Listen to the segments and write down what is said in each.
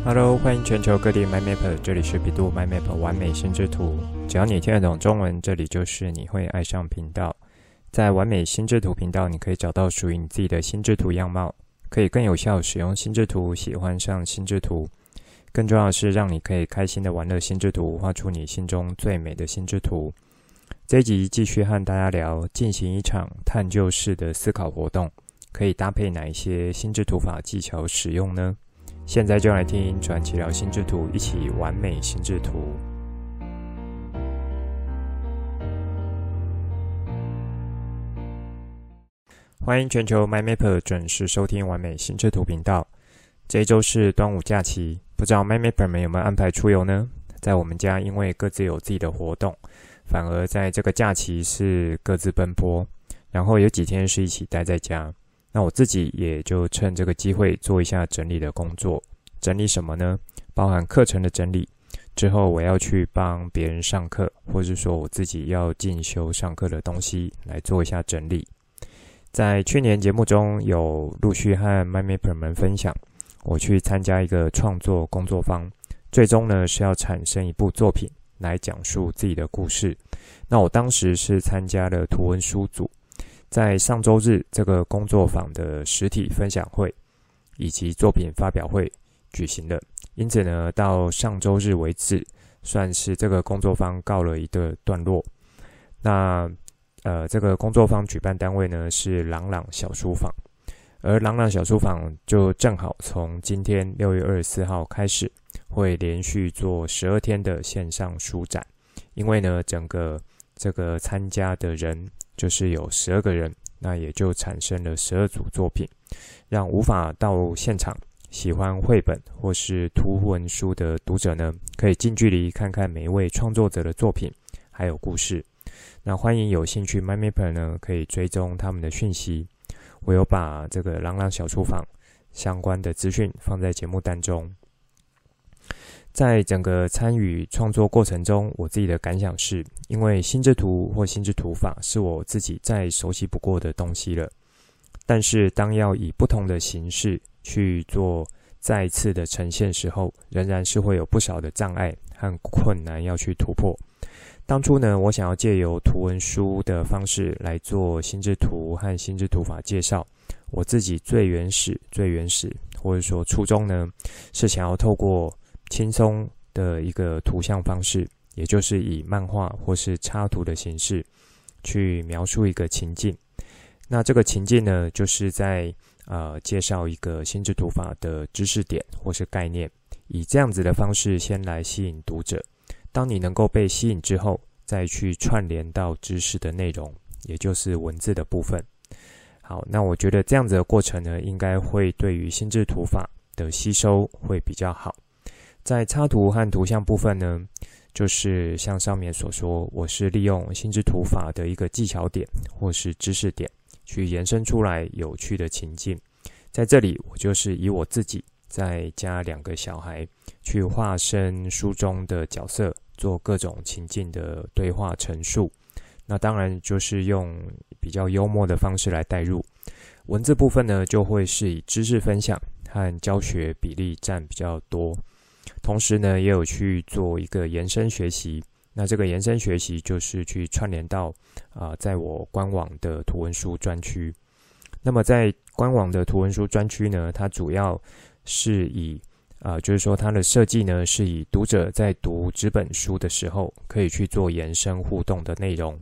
哈嘍，Hello, 歡迎全球各地 My Map，這裡是 bEDU My Map 玩美心智圖。只要你聽得懂中文，這裡就是你會愛上頻道。在玩美心智圖頻道，你可以找到屬於你自己的心智圖樣貌，可以更有效使用心智圖，喜歡上心智圖。更重要的是，讓你可以開心的玩樂心智圖，畫出你心中最美的心智圖。這一集繼續和大家聊，進行一場探究式的思考活動，可以搭配哪一些心智圖法技巧使用呢？現在就來聽傳奇聊心智圖，一起玩美心智圖。歡迎全球 MyMapper 準時收聽玩美心智圖頻道。這一周是端午假期，不知道 MyMapper 們有沒有安排出遊呢？在我們家，因為各自有自己的活動，反而在這個假期是各自奔波，然後有幾天是一起待在家。那我自己也就趁這個機會做一下整理的工作，整理什麼呢？包含課程的整理，之後我要去幫別人上課，或是說我自己要進修上課的東西來做一下整理。在去年節目中有陸續和 MyMapper 們分享，我去參加一個創作工作坊，最終呢是要產生一部作品來講述自己的故事。那我當時是參加了圖文書組。在上週日，這個工作坊的實體分享會以及作品發表會舉行了。因此呢，到上週日為止，算是這個工作坊告了一個段落。那呃，這個工作坊舉辦單位呢是朗朗小書房，而朗朗小書房就正好從今天六月二十四號開始，會連續做十二天的線上書展。因為呢，整個這個參加的人。就是有十二個人，那也就產生了十二組作品，讓無法到現場喜歡繪本或是圖文書的讀者呢，可以近距離看看每一位創作者的作品，還有故事。那歡迎有興趣 My m a p e r 呢，可以追蹤他們的訊息。我有把這個朗朗小廚房相關的資訊放在節目單中。在整個參與創作過程中，我自己的感想是：因為心智圖或心智圖法是我自己再熟悉不過的東西了，但是當要以不同的形式去做再次的呈現時候，仍然是會有不少的障礙和困難要去突破。當初呢，我想要借由圖文書的方式來做心智圖和心智圖法介紹，我自己最原始、最原始，或者說初衷呢，是想要透過。輕鬆的一個圖像方式，也就是以漫畫或是插圖的形式去描述一個情境。那這個情境呢，就是在呃介紹一個心智圖法的知識點或是概念，以這樣子的方式先來吸引讀者。當你能夠被吸引之後，再去串聯到知識的內容，也就是文字的部分。好，那我覺得這樣子的過程呢，應該會對於心智圖法的吸收會比較好。在插圖和圖像部分呢，就是像上面所說，我是利用心智圖法的一個技巧點或是知識點，去延伸出來有趣的情境。在這裡，我就是以我自己再加兩個小孩去化身書中的角色，做各種情境的對話陳述。那當然就是用比較幽默的方式來代入。文字部分呢，就會是以知識分享和教學比例佔比較多。同時呢，也有去做一個延伸學習。那這個延伸學習就是去串聯到啊、呃，在我官網的圖文書專區。那麼在官網的圖文書專區呢，它主要是以啊、呃，就是說它的設計呢，是以讀者在讀紙本書的時候，可以去做延伸互動的內容。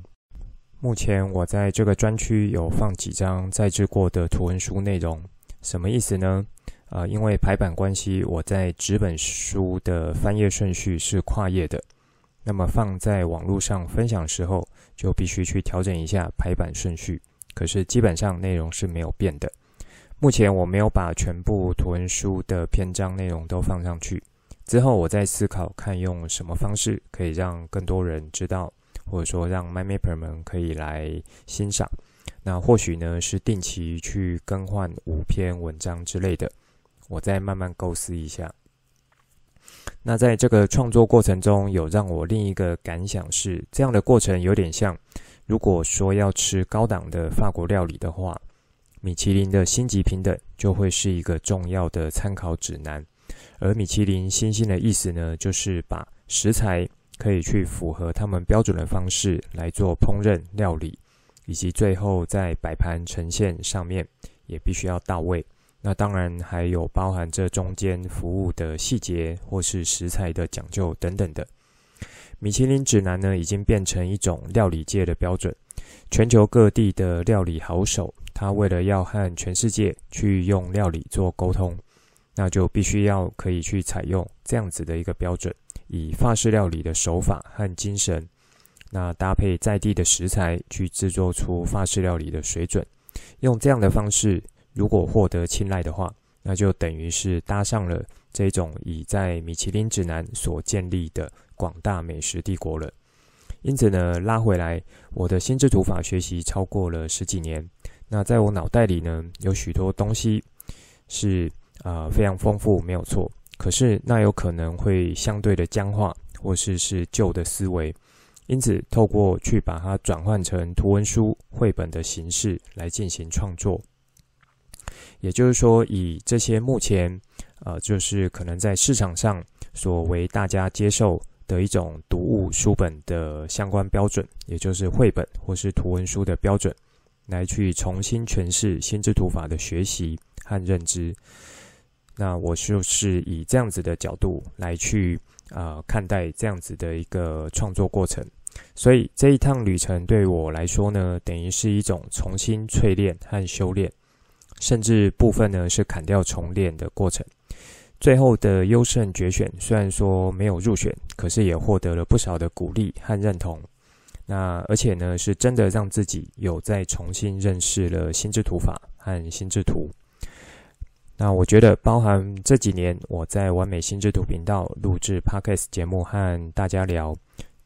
目前我在這個專區有放幾張在製過的圖文書內容，什麼意思呢？呃，因為排版關係，我在紙本書的翻頁順序是跨頁的，那麼放在網絡上分享時候，就必須去調整一下排版順序。可是基本上內容是沒有變的。目前我沒有把全部圖文書的篇章內容都放上去，之後我再思考看用什麼方式可以讓更多人知道，或者說讓 MyMapper 們可以來欣賞。那或許呢是定期去更換五篇文章之類的。我再慢慢構思一下。那在這個創作過程中，有讓我另一個感想是，這樣的過程有點像，如果說要吃高檔的法國料理的話，米其林的星級評等就會是一個重要的參考指南。而米其林星星的意思呢，就是把食材可以去符合他們標準的方式來做烹飪料理，以及最後在擺盤呈現上面也必須要到位。那當然還有包含這中間服務的細節，或是食材的講究等等的。米其林指南呢，已經變成一種料理界的標準。全球各地的料理好手，他為了要和全世界去用料理做溝通，那就必須要可以去採用這樣子的一個標準，以法式料理的手法和精神，那搭配在地的食材去製作出法式料理的水準，用這樣的方式。如果獲得青睞的話，那就等於是搭上了這種已在米其林指南所建立的廣大美食帝國了。因此呢，拉回來我的心智圖法學習超過了十幾年。那在我腦袋裡呢，有許多東西是啊、呃、非常豐富，沒有錯。可是那有可能會相對的僵化，或是是舊的思維。因此，透過去把它轉換成圖文書、繪本的形式來進行創作。也就是說，以這些目前，呃，就是可能在市場上所為大家接受的一種讀物書本的相關標準，也就是繪本或是圖文書的標準，來去重新詮釋心智圖法的學習和認知。那我就是以這樣子的角度來去啊，呃，看待這樣子的一個創作過程。所以這一趟旅程對我來說呢，等於是一種重新淬煉和修煉。甚至部分呢是砍掉重練的過程，最後的優勝決選雖然說沒有入選，可是也獲得了不少的鼓勵和認同。那而且呢，是真的讓自己有再重新認識了心智圖法和心智圖。那我覺得，包含這幾年我在完美心智圖頻道錄製 Podcast 節目和大家聊，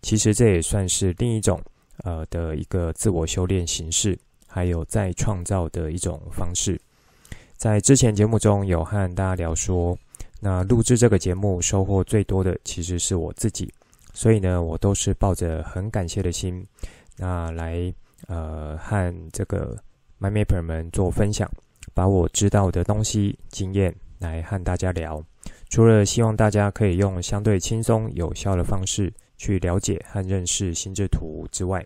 其實這也算是另一種呃的一個自我修煉形式。還有再創造的一種方式，在之前節目中有和大家聊說，那錄製這個節目收穫最多的其實是我自己，所以呢，我都是抱着很感謝的心，那來呃和這個 MyMapper 們做分享，把我知道的東西、經驗來和大家聊。除了希望大家可以用相對輕鬆、有效的方式去了解和認識心智圖之外，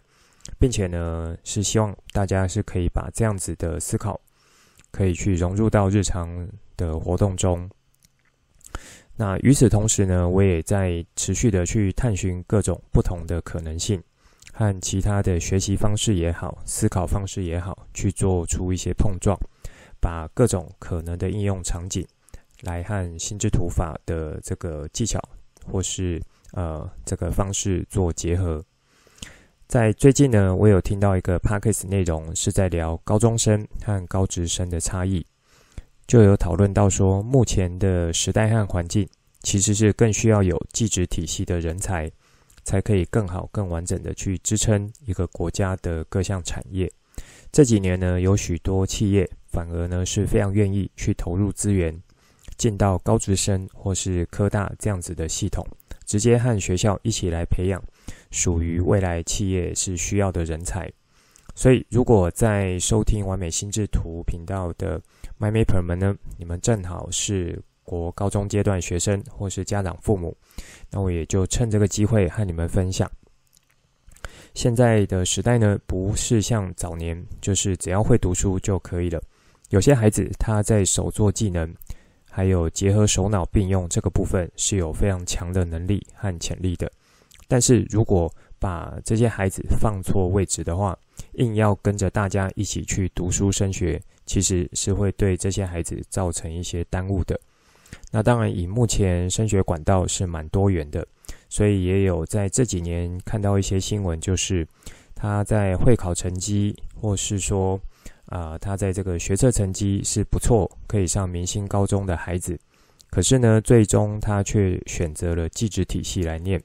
並且呢，是希望大家是可以把這樣子的思考，可以去融入到日常的活動中。那與此同時呢，我也在持續的去探尋各種不同的可能性，和其他的學習方式也好，思考方式也好，去做出一些碰撞，把各種可能的應用場景來和心智圖法的這個技巧，或是呃這個方式做結合。在最近呢，我有聽到一個 podcast 內容是在聊高中生和高職生的差異，就有討論到說，目前的時代和環境其實是更需要有技職體系的人才，才可以更好、更完整的去支撐一個國家的各項產業。這幾年呢，有許多企業反而呢是非常願意去投入資源，進到高職生或是科大這樣子的系統，直接和學校一起來培養。屬於未來企業是需要的人才，所以如果在收聽完美心智圖頻道的 My Mapper 們呢，你們正好是國高中階段學生或是家長父母，那我也就趁這個機會和你們分享。現在的時代呢，不是像早年，就是只要會讀書就可以了。有些孩子他在手作技能，還有結合手腦並用這個部分，是有非常強的能力和潛力的。但是如果把這些孩子放錯位置的話，硬要跟着大家一起去讀書升學，其實是會對這些孩子造成一些耽誤的。那當然，以目前升學管道是蠻多元的，所以也有在這幾年看到一些新聞，就是他在會考成績，或是說啊、呃，他在這個學測成績是不錯，可以上明星高中的孩子，可是呢，最終他卻選擇了技職體系來念。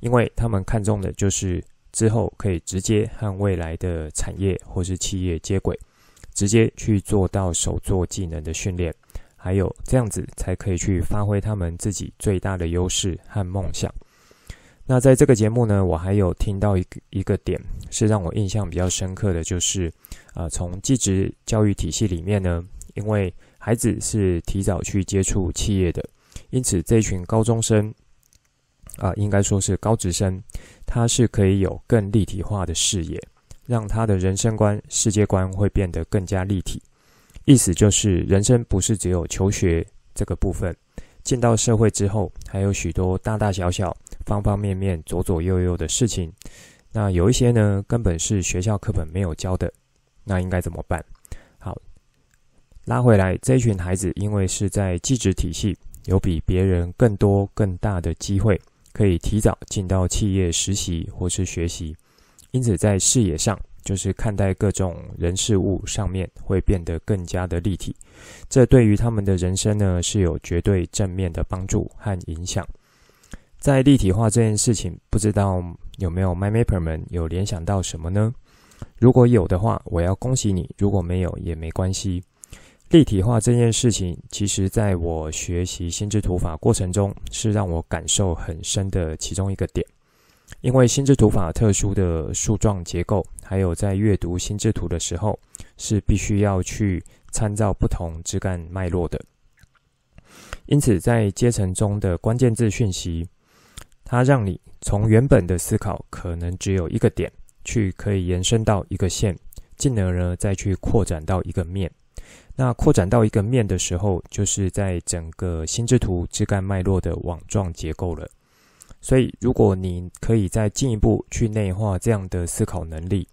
因為他們看重的就是之後可以直接和未來的產業或是企業接軌，直接去做到手作技能的訓練，還有這樣子才可以去發揮他們自己最大的優勢和夢想。那在這個節目呢，我還有聽到一個一個點是讓我印象比較深刻的就是，啊、呃，從技職教育體系裡面呢，因為孩子是提早去接觸企業的，因此這群高中生。啊、呃，應該說是高職生，他是可以有更立體化的視野，讓他的人生觀、世界觀會變得更加立體。意思就是，人生不是只有求學這個部分，進到社會之後，還有許多大大小小、方方面面、左左右右的事情。那有一些呢，根本是學校課本沒有教的，那應該怎麼辦？好，拉回來，這一群孩子，因為是在技職體系，有比別人更多更大的機會。可以提早進到企業實習或是學習，因此在視野上，就是看待各種人事物上面會變得更加的立體。這對於他們的人生呢，是有絕對正面的幫助和影響。在立體化這件事情，不知道有沒有 My Mapper 們有聯想到什麼呢？如果有的話，我要恭喜你；如果沒有也沒關係。立體化這件事情，其實在我學習心智圖法過程中，是讓我感受很深的其中一個點。因為心智圖法特殊的樹狀結構，還有在閱讀心智圖的時候，是必須要去參照不同枝幹脈絡的。因此，在階層中的關鍵字訊息，它讓你從原本的思考可能只有一個點，去可以延伸到一個線，進而呢再去擴展到一個面。那擴展到一個面的時候，就是在整個心智圖枝幹脈絡的網狀結構了。所以，如果你可以再進一步去內化這樣的思考能力，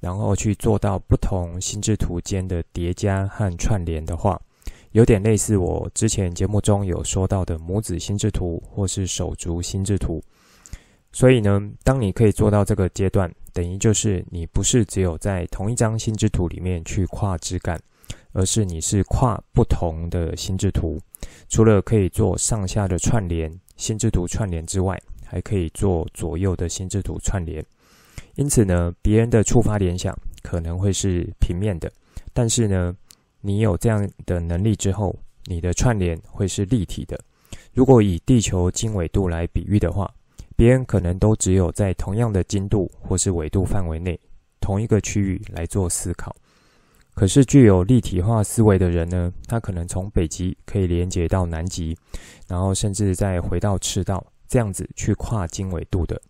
然後去做到不同心智圖間的疊加和串聯的話，有點類似我之前節目中有說到的母子心智圖或是手足心智圖。所以呢，當你可以做到這個階段，等於就是你不是只有在同一張心智圖裡面去跨枝幹。而是你是跨不同的心智圖，除了可以做上下的串聯，心智圖串聯之外，還可以做左右的心智圖串聯。因此呢，別人的觸發聯想可能會是平面的，但是呢，你有這樣的能力之後，你的串聯會是立體的。如果以地球經緯度來比喻的話，別人可能都只有在同樣的經度或是緯度範圍內，同一個區域來做思考。可是具有立體化思維的人呢？他可能從北極可以連接到南極，然後甚至再回到赤道，這樣子去跨經緯度的。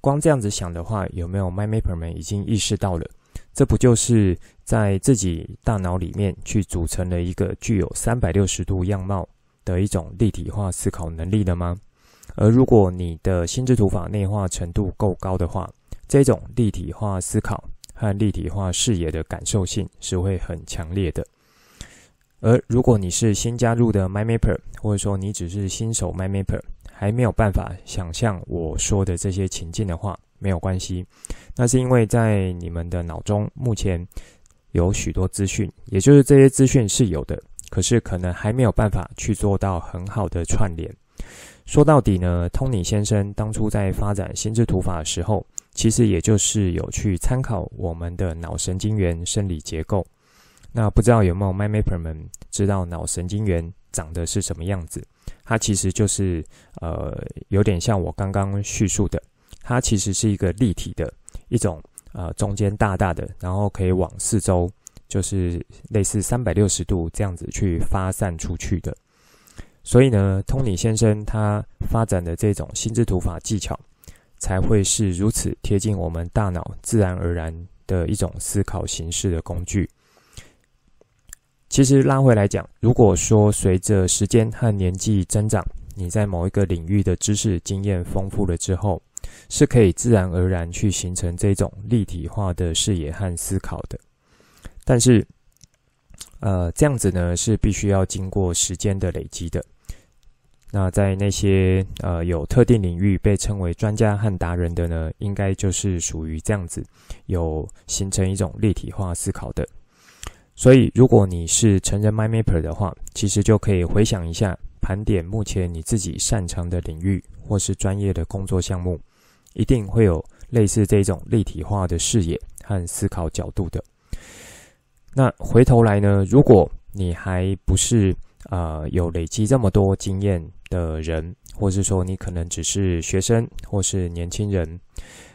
光這樣子想的話，有沒有 My Mapper 們已經意識到了？這不就是在自己大腦裡面去組成了一個具有三百六十度樣貌的一種立體化思考能力了嗎？而如果你的心智圖法內化程度夠高的話，這種立體化思考。看立體化視野的感受性是會很強烈的。而如果你是新加入的 Mind Mapper，或者說你只是新手 Mind Mapper，還沒有辦法想象我說的這些情境的話，沒有關係。那是因為在你們的腦中目前有許多資訊，也就是這些資訊是有的，可是可能還沒有辦法去做到很好的串聯。說到底呢，Tony 先生當初在發展心智圖法的時候，其實也就是有去參考我們的腦神經元生理結構。那不知道有沒有 MyMapper 們知道腦神經元長的是什麼樣子？它其實就是呃有點像我剛剛敘述的，它其實是一個立體的一種呃中間大大的，然後可以往四周就是類似三百六十度這樣子去發散出去的。所以呢，東尼先生他發展的這種心智圖法技巧，才會是如此貼近我們大腦自然而然的一種思考形式的工具。其實拉回來講，如果說隨着時間和年紀增長，你在某一個領域的知識經驗豐富了之後，是可以自然而然去形成這種立體化的視野和思考的。但是，呃，這樣子呢，是必須要經過時間的累積的。那在那些呃有特定領域被稱為專家和達人的呢，應該就是屬於這樣子，有形成一種立體化思考的。所以，如果你是成人 MindMapper 的話，其實就可以回想一下，盤點目前你自己擅長的領域或是專業的工作項目，一定會有類似這種立體化的視野和思考角度的。那回頭來呢，如果你還不是啊、呃、有累積這麼多經驗的人，或是說你可能只是學生或是年輕人，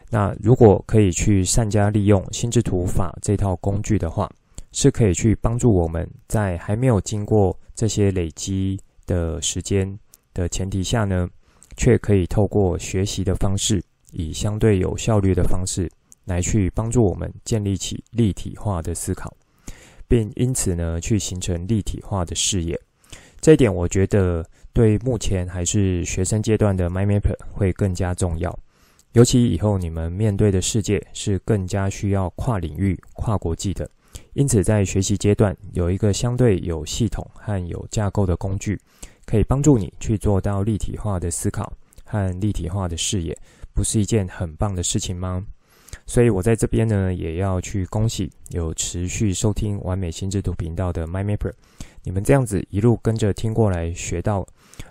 那如果可以去善加利用心智圖法這套工具的話，是可以去幫助我們在還沒有經過這些累積的時間的前提下呢，卻可以透過學習的方式，以相對有效率的方式來去幫助我們建立起立體化的思考。並因此呢，去形成立體化的視野，這一點我覺得對目前還是學生階段的 mind map 會更加重要。尤其以後你們面對的世界是更加需要跨領域、跨國際的，因此在學習階段有一個相對有系統和有架構的工具，可以幫助你去做到立體化的思考和立體化的視野，不是一件很棒的事情嗎？所以我在這邊呢，也要去恭喜有持續收聽玩美心智圖頻道的 My Mapper，你們這樣子一路跟着聽過來，學到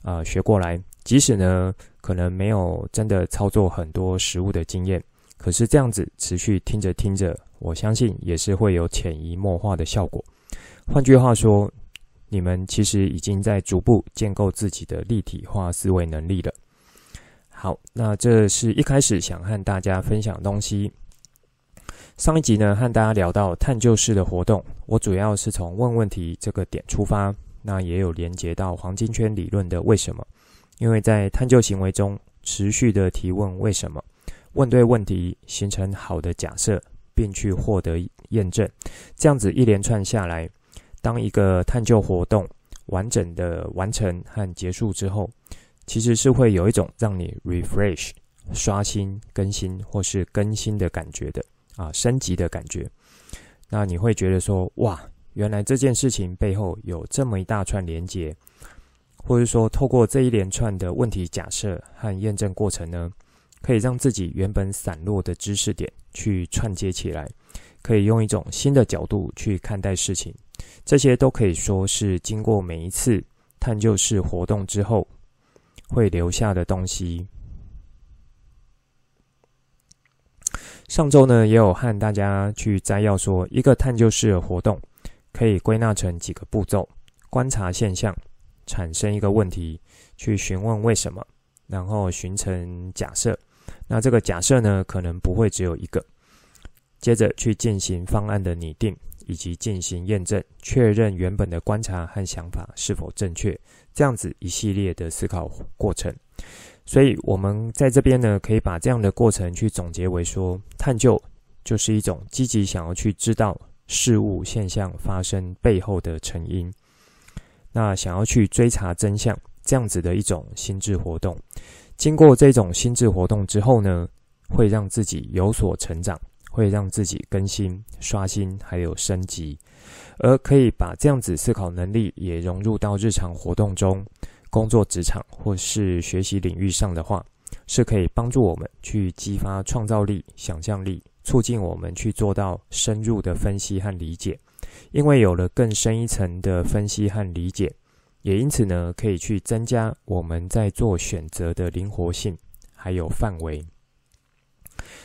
啊、呃、學過來，即使呢可能沒有真的操作很多實物的經驗，可是這樣子持續聽着聽着，我相信也是會有潛移默化的效果。換句話說，你們其實已經在逐步建構自己的立體化思維能力了。好，那這是一開始想和大家分享東西。上一集呢，和大家聊到探究式的活動，我主要是從問問題這個點出發，那也有連接到黃金圈理論的為什麼？因為在探究行為中，持續的提問為什麼，問對問題，形成好的假設，並去獲得驗證，這樣子一連串下來，當一個探究活動完整的完成和結束之後，其實是會有一種讓你 refresh、刷新、更新或是更新的感覺的。啊，升級的感覺。那你會覺得說，哇，原來這件事情背後有這麼一大串連接，或者說，透過這一連串的問題假設和驗證過程呢，可以讓自己原本散落的知識點去串接起來，可以用一種新的角度去看待事情。這些都可以說是經過每一次探究式活動之後會留下的東西。上週呢，也有和大家去摘要說，一個探究式的活動可以歸納成幾個步驟：觀察現象，產生一個問題，去詢問為什麼，然後形成假設。那這個假設呢，可能不會只有一個。接着去進行方案的擬定，以及進行驗證，確認原本的觀察和想法是否正確。這樣子一系列的思考過程。所以，我們在這邊呢，可以把這樣的過程去總結為說，探究就是一種積極想要去知道事物現象發生背後的成因，那想要去追查真相這樣子的一種心智活動。經過這種心智活動之後呢，會讓自己有所成長，會讓自己更新、刷新，還有升級，而可以把這樣子思考能力也融入到日常活動中。工作、職場或是學習領域上的話，是可以幫助我們去激發創造力、想象力促進我們去做到深入的分析和理解。因為有了更深一層的分析和理解，也因此呢，可以去增加我們在做選擇的靈活性還有範圍。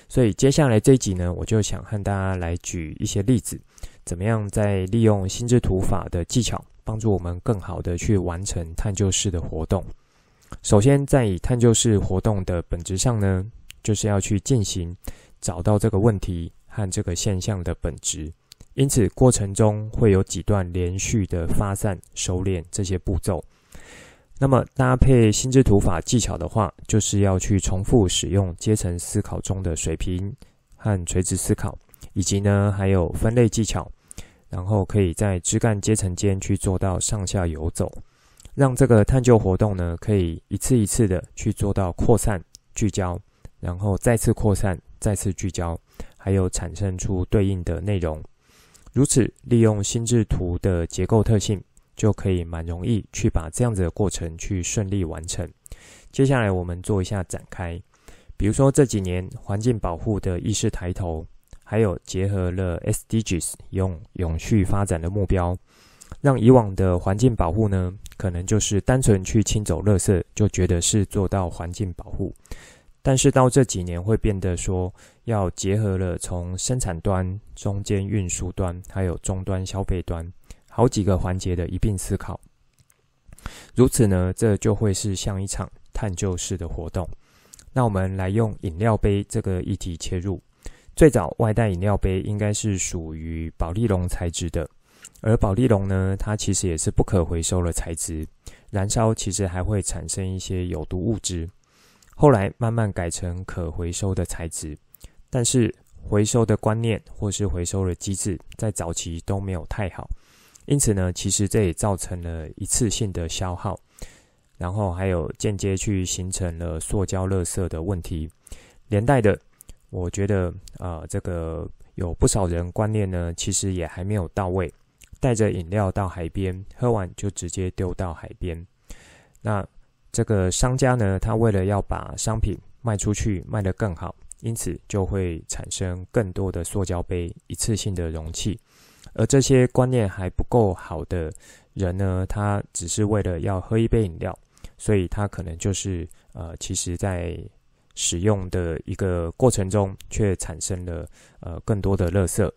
所以接下來這一集呢，我就想和大家來舉一些例子，怎麼樣再利用心智圖法的技巧。幫助我們更好的去完成探究式的活動。首先，在以探究式活動的本質上呢，就是要去進行找到這個問題和這個現象的本質。因此，過程中會有幾段連續的發散、收斂這些步驟。那麼，搭配心智圖法技巧的話，就是要去重複使用階層思考中的水平和垂直思考，以及呢，還有分類技巧。然後可以在枝幹階層間去做到上下游走，讓這個探究活動呢可以一次一次的去做到擴散、聚焦，然後再次擴散、再次聚焦，還有產生出對應的內容。如此利用心智圖的結構特性，就可以蠻容易去把這樣子的過程去順利完成。接下來我們做一下展開，比如說這幾年環境保護的意識抬頭。還有結合了 SDGs，用永續發展的目標，讓以往的環境保護呢，可能就是單純去清走垃圾，就覺得是做到環境保護。但是到這幾年會變得說，要結合了從生產端、中間運輸端，還有終端消費端，好幾個環節的一並思考。如此呢，這就會是像一場探究式的活動。那我們來用飲料杯這個議題切入。最早外帶飲料杯應該是屬於保麗龍材質的，而保麗龍呢，它其實也是不可回收的材質，燃燒其實還會產生一些有毒物質。後來慢慢改成可回收的材質，但是回收的觀念或是回收的機制在早期都沒有太好，因此呢，其實這也造成了一次性的消耗，然後還有間接去形成了塑膠垃圾的問題，連帶的。我覺得，呃，這個有不少人觀念呢，其實也還沒有到位。帶着飲料到海邊，喝完就直接丟到海邊。那這個商家呢，他為了要把商品賣出去，賣得更好，因此就會產生更多的塑膠杯、一次性的容器。而這些觀念還不夠好的人呢，他只是為了要喝一杯飲料，所以他可能就是，呃，其實在。使用的一個過程中，卻產生了呃更多的垃圾，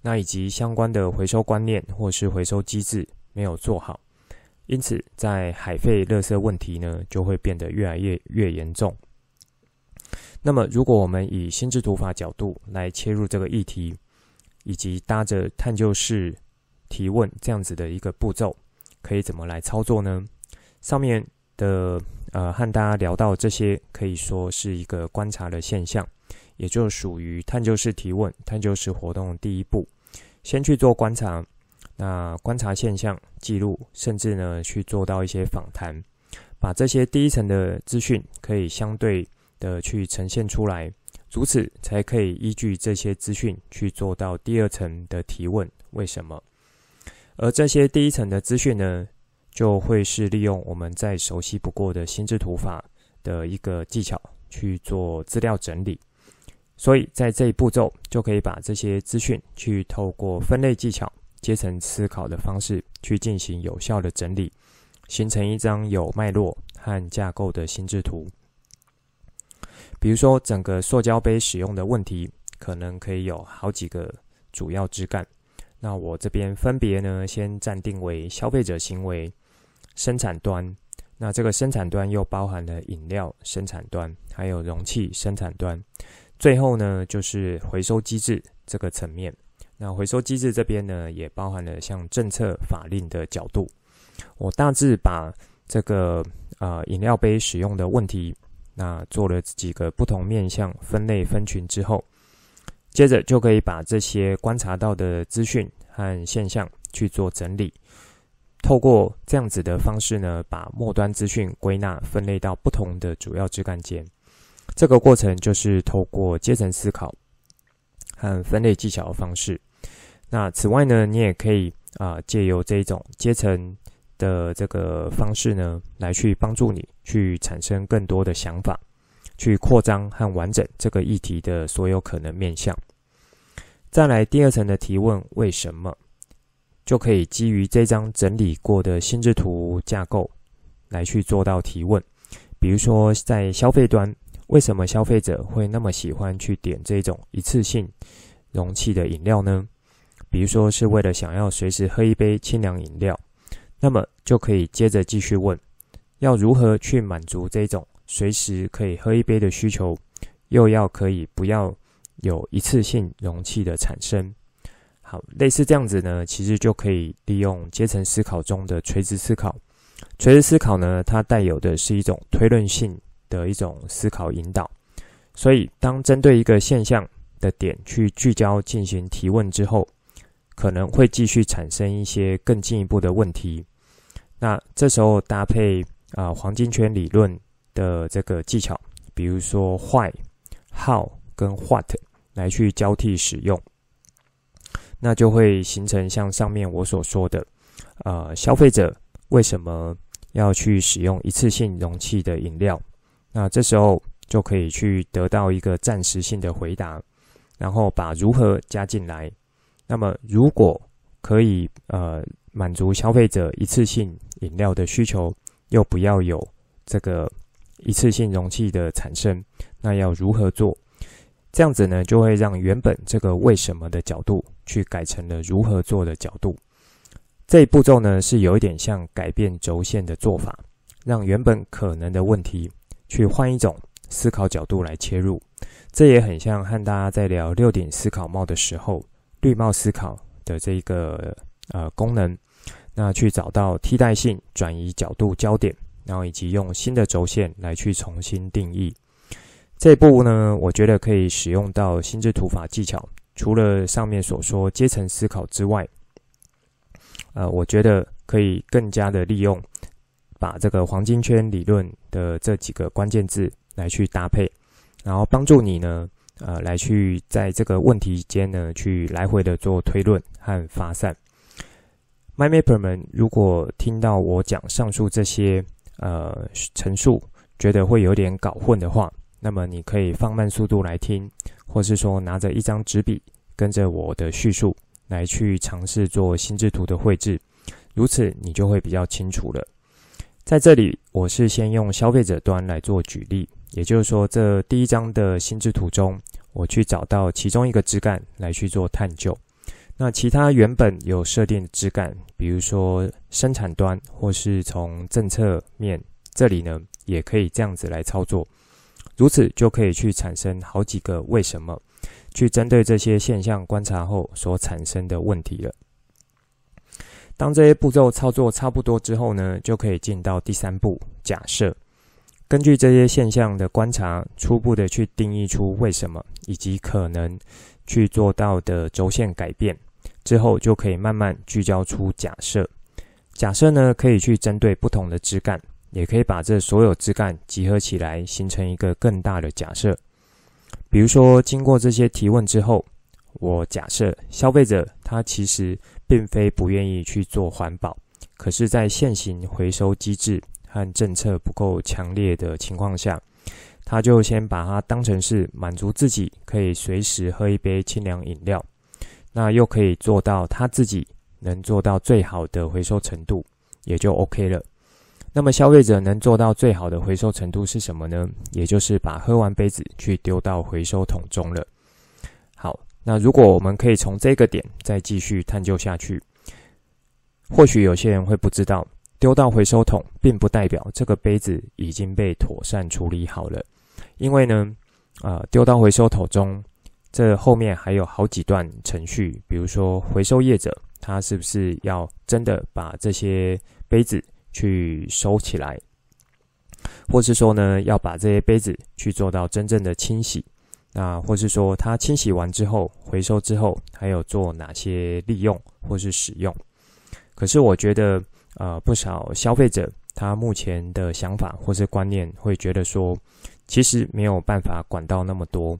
那以及相關的回收觀念或是回收機制沒有做好，因此在海廢垃圾問題呢就會變得越來越越嚴重。那麼，如果我們以心智圖法角度來切入這個議題，以及搭着探究式提問這樣子的一個步驟，可以怎麼來操作呢？上面的。呃，和大家聊到這些，可以說是一個觀察的現象，也就屬於探究式提問、探究式活動的第一步，先去做觀察。那觀察現象、記錄，甚至呢去做到一些訪談，把這些第一層的資訊，可以相對的去呈現出來，如此才可以依據這些資訊去做到第二層的提問，為什麼？而這些第一層的資訊呢？就會是利用我們再熟悉不過的心智圖法的一個技巧去做資料整理，所以在這一步驟就可以把這些資訊去透過分類技巧、階層思考的方式去進行有效的整理，形成一張有脈絡和架構的心智圖。比如說，整個塑膠杯使用的問題，可能可以有好幾個主要枝幹，那我這邊分別呢，先暫定為消費者行為。生產端，那這個生產端又包含了飲料生產端、還有容器生產端。最後呢，就是回收機制這個層面。那回收機制這邊呢，也包含了像政策法令的角度。我大致把這個，呃，飲料杯使用的問題，那做了幾個不同面向分類分群之後，接着就可以把這些觀察到的資訊和現象去做整理。透過這樣子的方式呢，把末端資訊歸納分類到不同的主要枝幹間，這個過程就是透過階層思考和分類技巧的方式。那此外呢，你也可以啊，呃，借由這種階層的這個方式呢，來去幫助你去產生更多的想法，去擴張和完整這個議題的所有可能面向。再來第二層的提問：為什麼？就可以基於這張整理過的心智圖架構來去做到提問，比如說在消費端，為什麼消費者會那麼喜歡去點這種一次性容器的飲料呢？比如說是為了想要隨時喝一杯清涼飲料，那麼就可以接着繼續問，要如何去滿足這種隨時可以喝一杯的需求，又要可以不要有一次性容器的產生。好，類似這樣子呢，其實就可以利用階層思考中的垂直思考。垂直思考呢，它帶有的是一種推論性的一種思考引導。所以，當針對一個現象的點去聚焦進行提問之後，可能會繼續產生一些更進一步的問題。那這時候搭配啊、呃、黃金圈理論的這個技巧，比如說 Why、How 跟 What 來去交替使用。那就會形成像上面我所說的，呃，消費者為什麼要去使用一次性容器的飲料？那這時候就可以去得到一個暫時性的回答，然後把如何加進來。那麼，如果可以，呃，滿足消費者一次性飲料的需求，又不要有這個一次性容器的產生，那要如何做？這樣子呢，就會讓原本這個為什麼的角度，去改成了如何做的角度。這一步驟呢，是有一點像改變軸線的做法，讓原本可能的問題，去換一種思考角度來切入。這也很像和大家在聊六頂思考帽的時候，綠帽思考的這一個呃功能，那去找到替代性轉移角度焦點，然後以及用新的軸線來去重新定義。這一步呢，我覺得可以使用到心智圖法技巧，除了上面所說階層思考之外，呃，我覺得可以更加的利用把這個黃金圈理論的這幾個關鍵字來去搭配，然後幫助你呢，呃，來去在這個問題間呢去來回的做推論和發散。My Mapper 們，如果聽到我講上述這些呃陳述，覺得會有點搞混的話，那麼你可以放慢速度來聽，或是說拿着一張紙筆，跟着我的敘述來去嘗試做心智圖的繪製，如此你就會比較清楚了。在這裡，我是先用消費者端來做舉例，也就是說，這第一張的心智圖中，我去找到其中一個枝幹來去做探究。那其他原本有設定的枝幹，比如說生產端或是從政策面，這裡呢，也可以這樣子來操作。如此就可以去產生好幾個為什麼，去針對這些現象觀察後所產生的問題了。當這些步驟操作差不多之後呢，就可以進到第三步，假設。根據這些現象的觀察，初步的去定義出為什麼，以及可能去做到的軸線改變之後，就可以慢慢聚焦出假設。假設呢，可以去針對不同的枝幹。也可以把這所有枝幹集合起來，形成一個更大的假設。比如說，經過這些提問之後，我假設消費者他其實並非不願意去做環保，可是，在現行回收機制和政策不夠強烈的情況下，他就先把它當成是滿足自己可以隨時喝一杯清涼飲料，那又可以做到他自己能做到最好的回收程度，也就 OK 了。那麼消費者能做到最好的回收程度是什麼呢？也就是把喝完杯子去丟到回收桶中了。好，那如果我們可以從這個點再繼續探究下去，或許有些人會不知道，丟到回收桶並不代表這個杯子已經被妥善處理好了。因為呢，啊、呃，丟到回收桶中，這後面還有好幾段程序，比如說回收業者，他是不是要真的把這些杯子去收起來，或是說呢，要把這些杯子去做到真正的清洗，那或是說它清洗完之後，回收之後還有做哪些利用或是使用？可是我覺得，呃，不少消費者他目前的想法或是觀念會覺得說，其實沒有辦法管到那麼多，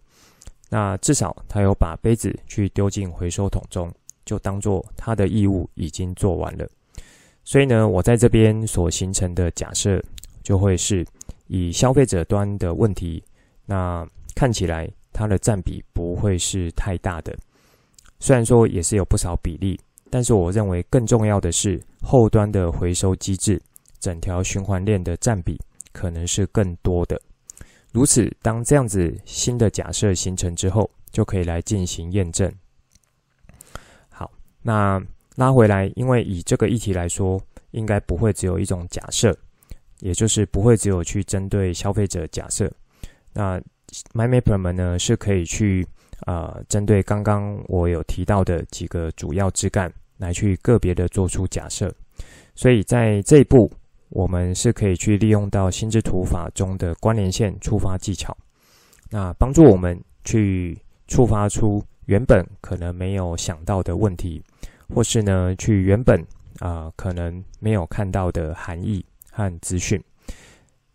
那至少他有把杯子去丟進回收桶中，就當做他的義務已經做完了。所以呢，我在這邊所形成的假設，就會是以消費者端的問題，那看起來它的占比不會是太大的，雖然說也是有不少比例，但是我認為更重要的是後端的回收機制，整條循環鏈的占比可能是更多的。如此，當這樣子新的假設形成之後，就可以來進行驗證。好，那，拉回來，因為以這個議題來說，應該不會只有一種假設，也就是不會只有去針對消費者假設。那 My Mapper 們呢是可以去啊，呃，針對剛剛我有提到的幾個主要枝幹來去個別的做出假設。所以在這一步，我們是可以去利用到心智圖法中的關聯線觸發技巧，那幫助我們去觸發出原本可能沒有想到的問題。或是呢，去原本啊、呃、可能沒有看到的含義和資訊。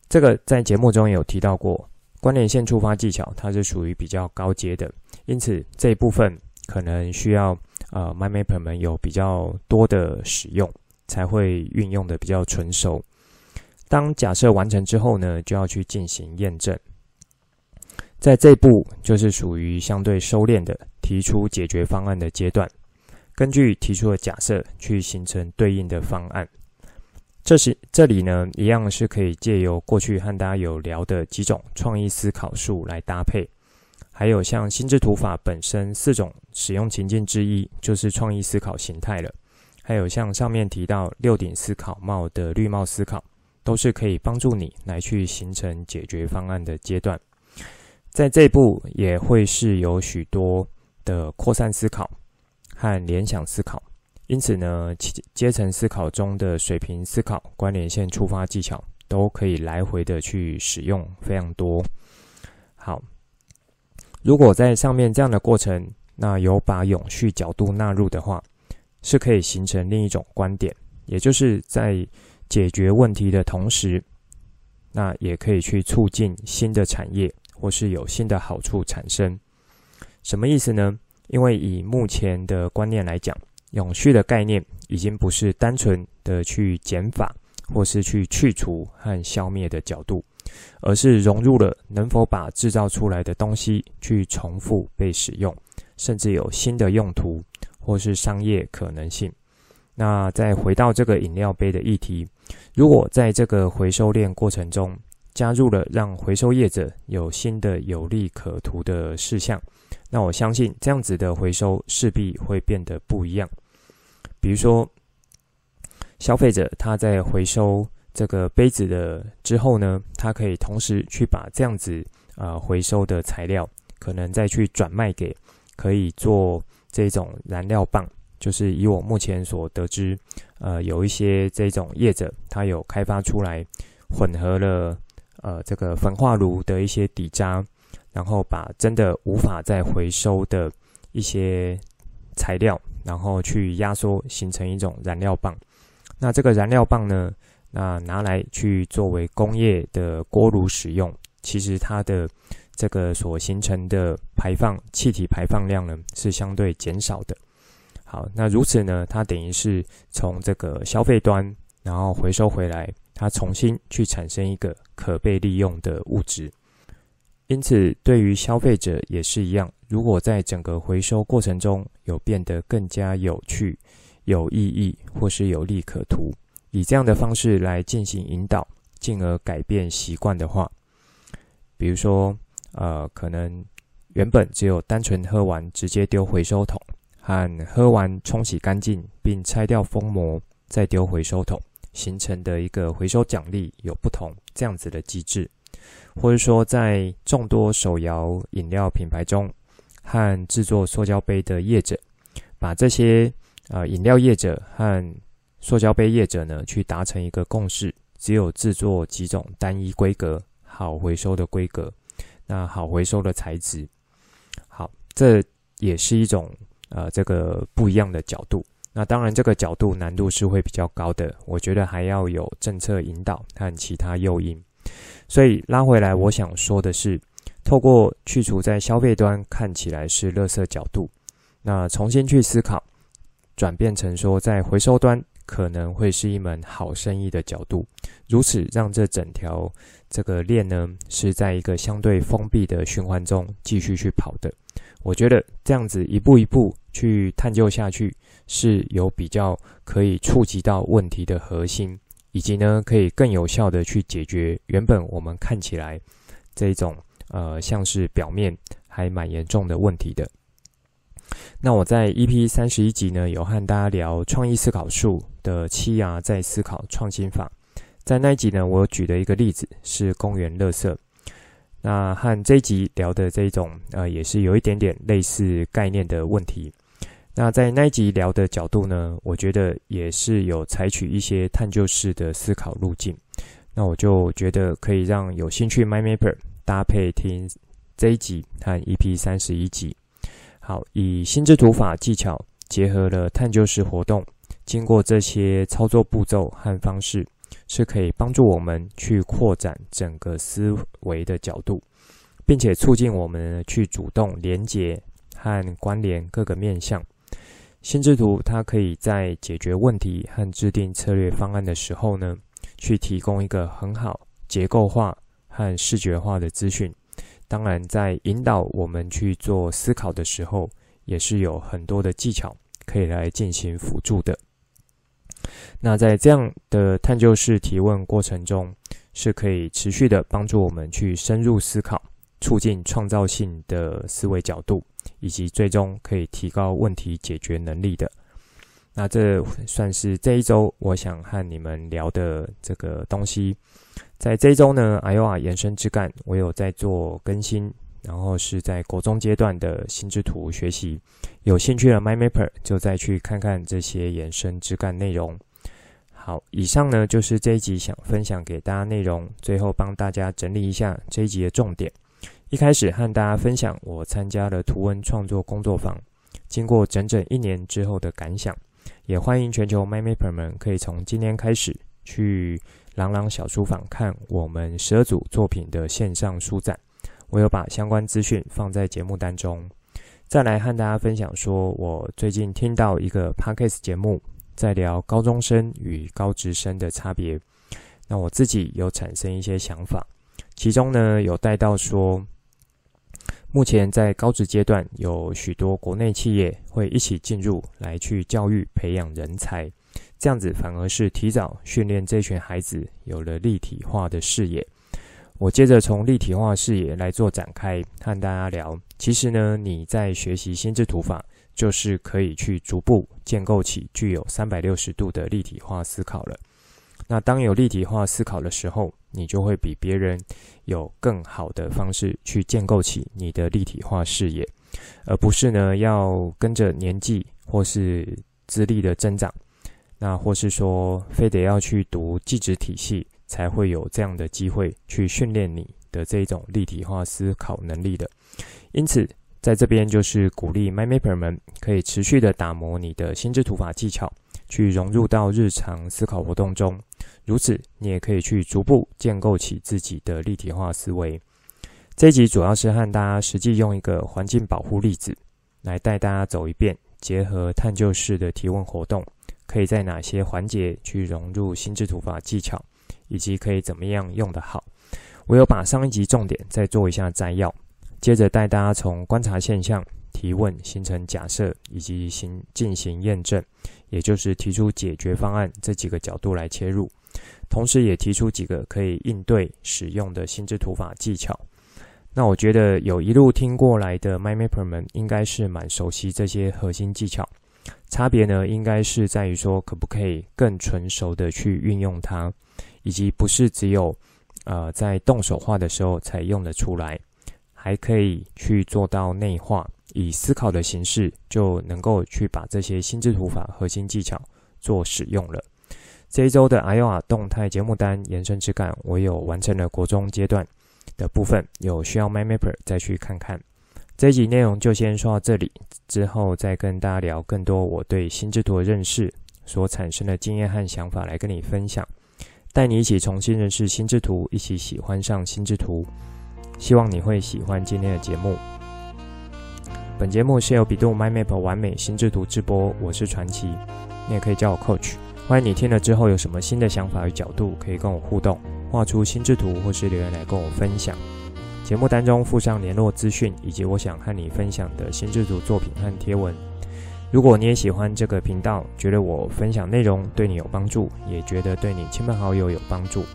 這個在節目中有提到過，關聯線觸發技巧，它是屬於比較高階的，因此這部分可能需要啊，MyMap 們有比較多的使用，才會運用的比較純熟。當假設完成之後呢，就要去進行驗證。在這一步就是屬於相對收斂的，提出解決方案的階段。根據提出的假設去形成對應的方案，這是這裡呢，一樣是可以借由過去和大家有聊的幾種創意思考術來搭配，還有像心智圖法本身四種使用情境之一就是創意思考形態了，還有像上面提到六頂思考帽的綠帽思考，都是可以幫助你來去形成解決方案的階段，在這一步也會是有許多的擴散思考，和聯想思考，因此呢，階層思考中的水平思考、關聯線觸發技巧都可以來回的去使用，非常多。好，如果在上面這樣的過程，那有把永續角度納入的話，是可以形成另一種觀點，也就是在解決問題的同時，那也可以去促進新的產業，或是有新的好處產生。什麼意思呢？因為以目前的觀念來講，永續的概念已經不是單純的去減法，或是去去除和消滅的角度，而是融入了能否把制造出來的東西去重複被使用，甚至有新的用途，或是商業可能性。那再回到這個飲料杯的議題，如果在這個回收鏈過程中加入了讓回收業者有新的有利可圖的事項。那我相信這樣子的回收勢必會變得不一樣，比如說，消費者他在回收這個杯子的之後呢，他可以同時去把這樣子啊、呃、回收的材料，可能再去轉賣給可以做這種燃料棒，就是以我目前所得知，呃，有一些這種業者他有開發出來混合了呃這個焚化爐的一些底渣。然後把真的無法再回收的一些材料，然後去壓縮，形成一種燃料棒。那這個燃料棒呢，那拿來去作為工業的鍋爐使用，其實它的這個所形成的排放，氣體排放量呢，是相對減少的。好，那如此呢，它等於是從這個消費端，然後回收回來，它重新去產生一個可被利用的物質。因此，對於消費者也是一樣。如果在整個回收過程中有變得更加有趣、有意義，或是有利可圖，以這樣的方式來進行引導，進而改變習慣的話，比如說，呃，可能原本只有單純喝完直接丟回收桶，和喝完沖洗乾淨並拆掉封膜再丟回收桶，形成的一個回收獎勵有不同這樣子的機制。或者說，在眾多手搖飲料品牌中，和制作塑膠杯的業者，把這些呃飲料業者和塑膠杯業者呢，去達成一個共識，只有制作幾種單一規格、好回收的規格，那好回收的材質，好，這也是一種呃這個不一樣的角度。那當然，這個角度難度是會比較高的，我覺得還要有政策引導和其他誘因。所以拉回來，我想說的是，透過去除在消費端看起來是垃圾角度，那重新去思考，轉變成說在回收端可能會是一門好生意的角度，如此讓這整條這個鏈呢，是在一個相對封閉的循環中繼續去跑的。我覺得這樣子一步一步去探究下去，是有比較可以觸及到問題的核心。以及呢，可以更有效地去解決原本我們看起來這種呃，像是表面還蠻嚴重的問題的。那我在 EP 三十一集呢，有和大家聊創意思考術的七牙在思考創新法，在那一集呢，我有舉了一個例子是公園垃圾，那和這一集聊的這一種呃，也是有一點點類似概念的問題。那在那一集聊的角度呢，我覺得也是有採取一些探究式的思考路徑。那我就覺得可以讓有興趣 Mind Mapper 搭配聽這一集和 EP 三十一集，好，以心智圖法技巧結合了探究式活動，經過這些操作步驟和方式，是可以幫助我們去擴展整個思維的角度，並且促進我們去主動連接和關聯各個面向。心智圖，它可以在解決問題和制定策略方案的時候呢，去提供一個很好結構化和視覺化的資訊。當然，在引導我們去做思考的時候，也是有很多的技巧可以來進行輔助的。那在這樣的探究式提問過程中，是可以持續的幫助我們去深入思考，促進創造性的思維角度。以及最終可以提高問題解決能力的。那這算是這一周我想和你們聊的這個東西。在這一周呢，AYOA 延伸枝幹我有在做更新，然後是在國中階段的心智圖學習，有興趣的 My Mapper 就再去看看這些延伸枝幹內容。好，以上呢就是這一集想分享給大家內容，最後幫大家整理一下這一集的重點。一開始和大家分享我參加了圖文創作工作坊，經過整整一年之後的感想，也歡迎全球 MyMapper 們可以從今天開始去朗朗小書房看我們十二組作品的線上書展，我有把相關資訊放在節目當中。再來和大家分享，說我最近聽到一個 Podcast 節目在聊高中生與高職生的差別，那我自己有產生一些想法，其中呢有帶到說，目前在高職階段，有許多國內企業會一起進入來去教育培養人才，這樣子反而是提早訓練這群孩子有了立體化的視野。我接着從立體化視野來做展開，和大家聊。其實呢，你在學習心智圖法，就是可以去逐步建構起具有三百六十度的立體化思考了。那當有立體化思考的時候，你就會比別人有更好的方式去建構起你的立體化視野，而不是呢，要跟着年紀或是資歷的增長，那或是說非得要去讀技職體系才會有這樣的機會去訓練你的這種立體化思考能力的。因此，在這邊就是鼓勵 My Mapper 們可以持續的打磨你的心智圖法技巧，去融入到日常思考活動中。如此，你也可以去逐步建構起自己的立體化思維。這一集主要是和大家實際用一個環境保護例子來帶大家走一遍，結合探究式的提問活動，可以在哪些環節去融入心智圖法技巧，以及可以怎麼樣用得好。我有把上一集重點再做一下摘要，接着帶大家從觀察現象、提問、形成假設以及行進行驗證，也就是提出解決方案這幾個角度來切入。同時也提出幾個可以應對使用的心智圖法技巧。那我覺得有一路聽過來的 MyMapper 們應該是蠻熟悉這些核心技巧。差別呢，應該是在於說可不可以更純熟的去運用它，以及不是只有呃在動手畫的時候才用得出來，還可以去做到內化，以思考的形式就能夠去把這些心智圖法核心技巧做使用了。這一周的 AYOA 動態節目單延伸之感，我有完成了國中階段的部分，有需要 m y m a p 再去看看。這一集內容就先說到這裡，之後再跟大家聊更多我對心智圖的認識所產生的經驗和想法來跟你分享，帶你一起重新認識心智圖，一起喜歡上心智圖。希望你會喜歡今天的節目。本節目是由 bEDU m y m a p 玩美心智圖直播，我是傳奇，你也可以叫我 Coach。歡迎你聽了之後有什麼新的想法與角度，可以跟我互動，畫出心智圖或是留言來跟我分享。節目當中附上聯絡資訊以及我想和你分享的心智圖作品和貼文。如果你也喜歡這個頻道，覺得我分享內容對你有幫助，也覺得對你親朋好友有幫助，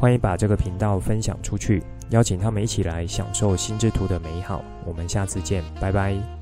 歡迎把這個頻道分享出去，邀請他們一起來享受心智圖的美好。我們下次見，拜拜。